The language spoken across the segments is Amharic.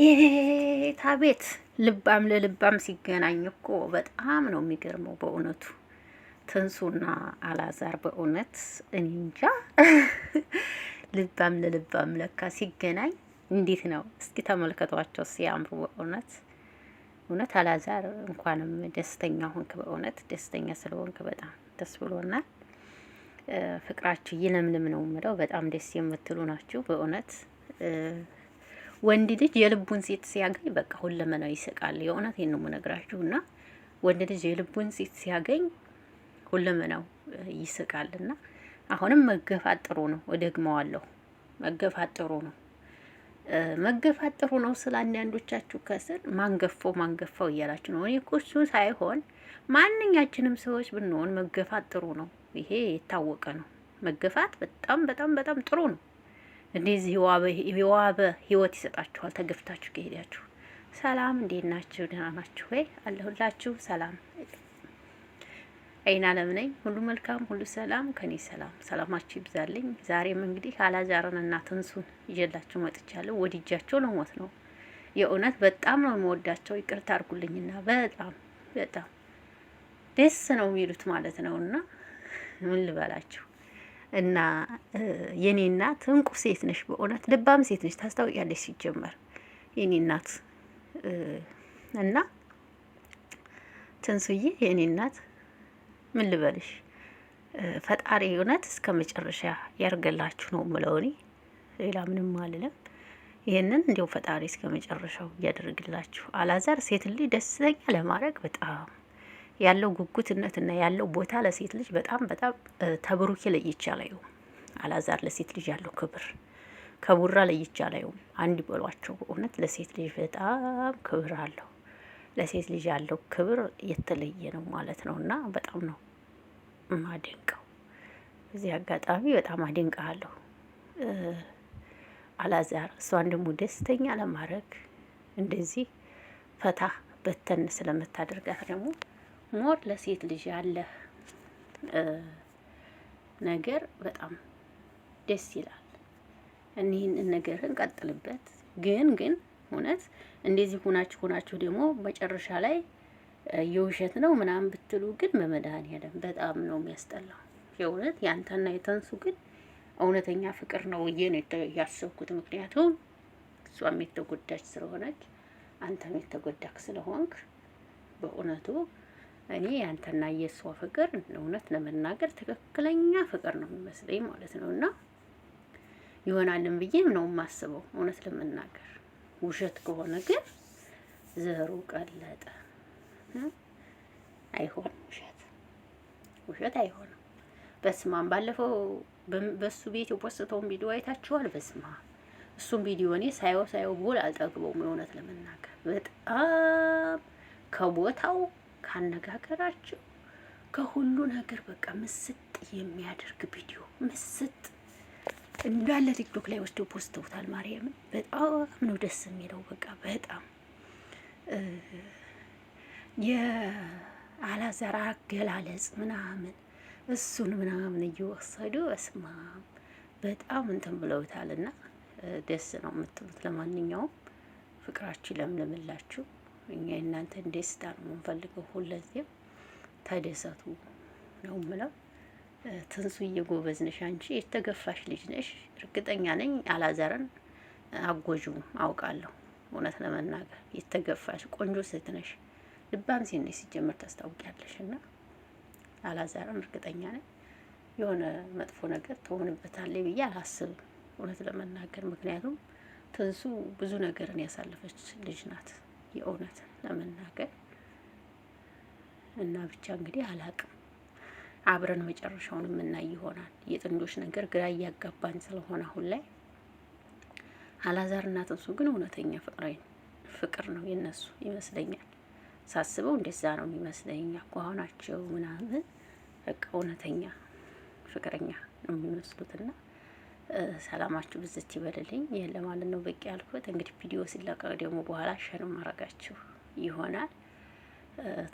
የታ ቤት ልባም ለልባም ሲገናኝ እኮ በጣም ነው የሚገርመው። በእውነቱ ትንሱና አላዛር በእውነት እኔ እንጃ። ልባም ለልባም ለካ ሲገናኝ እንዴት ነው እስኪ ተመልከቷቸው ሲያምሩ። በእውነት እውነት አላዛር እንኳንም ደስተኛ ሆንክ። በእውነት ደስተኛ ስለሆንክ በጣም ደስ ብሎናል። ፍቅራችሁ ይለምልም ነው የምለው። በጣም ደስ የምትሉ ናችሁ በእውነት ወንድ ልጅ የልቡን ሴት ሲያገኝ በቃ ሁለመናው ይስቃል። የእውነት ነው የምነግራችሁ። እና ወንድ ልጅ የልቡን ሴት ሲያገኝ ሁለመናው ይስቃል። እና አሁንም መገፋት ጥሩ ነው። እደግመዋለሁ፣ መገፋት ጥሩ ነው። መገፋት ጥሩ ነው። ስለ አንዳንዶቻችሁ ከስር ማንገፋው ማንገፋው እያላችሁ ነው። እኔ እኮ እሱ ሳይሆን ማንኛችንም ሰዎች ብንሆን መገፋት ጥሩ ነው። ይሄ የታወቀ ነው። መገፋት በጣም በጣም በጣም ጥሩ ነው። እንደዚህ የዋበ ህይወት ይሰጣችኋል ተገፍታችሁ ከሄዳችሁ። ሰላም፣ እንዴት ናችሁ? ደህና ናችሁ ወይ? አለሁላችሁ። ሰላም አይና አለም ነኝ። ሁሉ መልካም፣ ሁሉ ሰላም፣ ከኔ ሰላም፣ ሰላማችሁ ይብዛልኝ። ዛሬም እንግዲህ አላዛርን እና ትንሱን ይዤላችሁ መጥቻለሁ። ወድጃቸው ለሞት ነው የእውነት በጣም ነው የምወዳቸው። ይቅርታ አድርጉልኝና በጣም በጣም ደስ ነው የሚሉት ማለት ነው እና ምን ልበላችሁ እና የኔ እናት እንቁ ሴት ነሽ፣ በእውነት ልባም ሴት ነሽ፣ ታስታውቂያለሽ። ሲጀመር የኔ እናት እና ትንሱዬ የኔ እናት ምን ልበልሽ፣ ፈጣሪ እውነት እስከ መጨረሻ ያርገላችሁ ነው ምለውኔ እኔ ሌላ ምንም አልለም። ይህንን እንዲሁ ፈጣሪ እስከ መጨረሻው እያደርግላችሁ። አላዛር ሴት ልጅ ደስተኛ ለማድረግ በጣም ያለው ጉጉትነትና ያለው ቦታ ለሴት ልጅ በጣም በጣም ተብሩኬ ለይቼ አላየውም። አላዛር ለሴት ልጅ ያለው ክብር ከቡራ ለይቼ አላየውም። አንድ በሏቸው። እውነት ለሴት ልጅ በጣም ክብር አለው። ለሴት ልጅ ያለው ክብር የተለየ ነው ማለት ነው እና በጣም ነው ማደንቀው። በዚህ አጋጣሚ በጣም አደንቀሃለሁ አላዛር። እሷን ደግሞ ደስተኛ ለማድረግ እንደዚህ ፈታ በተን ስለምታደርጋት ደግሞ ሞር ለሴት ልጅ ያለህ ነገር በጣም ደስ ይላል። እኒህን ነገርህን ቀጥልበት። ግን ግን እውነት እንደዚህ ሆናችሁ ሆናችሁ ደግሞ መጨረሻ ላይ የውሸት ነው ምናምን ብትሉ ግን በመድኃኒዓለም በጣም ነው የሚያስጠላው። የእውነት ያንተና የተንሱ ግን እውነተኛ ፍቅር ነው ብዬ ነው ያሰብኩት። ምክንያቱም እሷም የተጎዳች ስለሆነች አንተም የተጎዳክ ስለሆንክ በእውነቱ እኔ ያንተና የእሷ ፍቅር እውነት ለመናገር ትክክለኛ ፍቅር ነው የሚመስለኝ ማለት ነው። እና ይሆናልን ብዬም ነው የማስበው እውነት ለመናገር። ውሸት ከሆነ ግን ዘሩ ቀለጠ። አይሆንም፣ ውሸት ውሸት አይሆንም። በስማም ባለፈው በሱ ቤት የፖስተውን ቪዲዮ አይታችኋል? በስማ እሱም ቪዲዮ እኔ ሳየው ሳየው ብውል አልጠግበውም እውነት ለመናገር በጣም ከቦታው ካነጋገራችሁ ከሁሉ ነገር በቃ ምስጥ የሚያደርግ ቪዲዮ ምስጥ እንዳለ ቲክቶክ ላይ ወስዶ ፖስተውታል። ተውታል። ማርያምን በጣም ነው ደስ የሚለው። በቃ በጣም የአላዛር አገላለጽ ምናምን እሱን ምናምን እየወሰዱ እስማ በጣም እንትን ብለውታል ብለውታልና ደስ ነው የምትሉት። ለማንኛውም ፍቅራችሁ ለምልምላችሁ። እኛ የእናንተን ደስታ ነው የምንፈልገው። ሁለዚህም ተደሰቱ ነው ምለው። ትንሱ እየጎበዝ ነሽ አንቺ የተገፋሽ ልጅ ነሽ። እርግጠኛ ነኝ አላዛርን አጎጁ አውቃለሁ። እውነት ለመናገር የተገፋሽ ቆንጆ ሴት ነሽ። ልባም ሴት ነሽ ሲጀምር ታስታውቂያለሽ። እና አላዛርን እርግጠኛ ነኝ የሆነ መጥፎ ነገር ትሆንበታለች ብዬ አላስብም፣ እውነት ለመናገር ምክንያቱም ትንሱ ብዙ ነገርን ያሳለፈች ልጅ ናት። የእውነት ለመናገር እና ብቻ እንግዲህ አላቅም። አብረን መጨረሻውን የምናይ ይሆናል። የጥንዶች ነገር ግራ እያጋባን ስለሆነ አሁን ላይ አላዛር እና ትንሱ ግን እውነተኛ ፍቅሬ ፍቅር ነው የነሱ ይመስለኛል። ሳስበው እንደዛ ነው የሚመስለኛ ከሆናቸው ምናምን በቃ እውነተኛ ፍቅረኛ ነው የሚመስሉትና ሰላማችሁ ብዝት ይበልልኝ። ይህን ለማለት ነው በቂ ያልኩት። እንግዲህ ቪዲዮ ሲለቀቅ ደግሞ በኋላ ሸር ማረጋችሁ ይሆናል።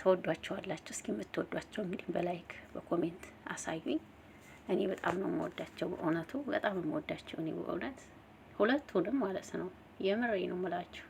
ተወዷቸዋላችሁ። እስኪ የምትወዷቸው እንግዲህ በላይክ በኮሜንት አሳዩኝ። እኔ በጣም ነው የምወዳቸው፣ በእውነቱ በጣም የምወዳቸው እኔ በእውነት ሁለቱንም ማለት ነው። የምሬ ነው የምላችሁ